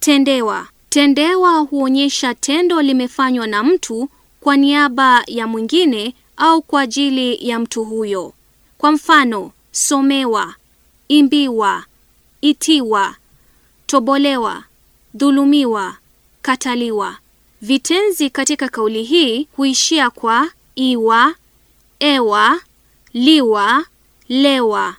Tendewa. Tendewa huonyesha tendo limefanywa na mtu kwa niaba ya mwingine au kwa ajili ya mtu huyo. Kwa mfano, somewa, imbiwa, itiwa, tobolewa, dhulumiwa, kataliwa. Vitenzi katika kauli hii huishia kwa iwa, ewa, liwa, lewa.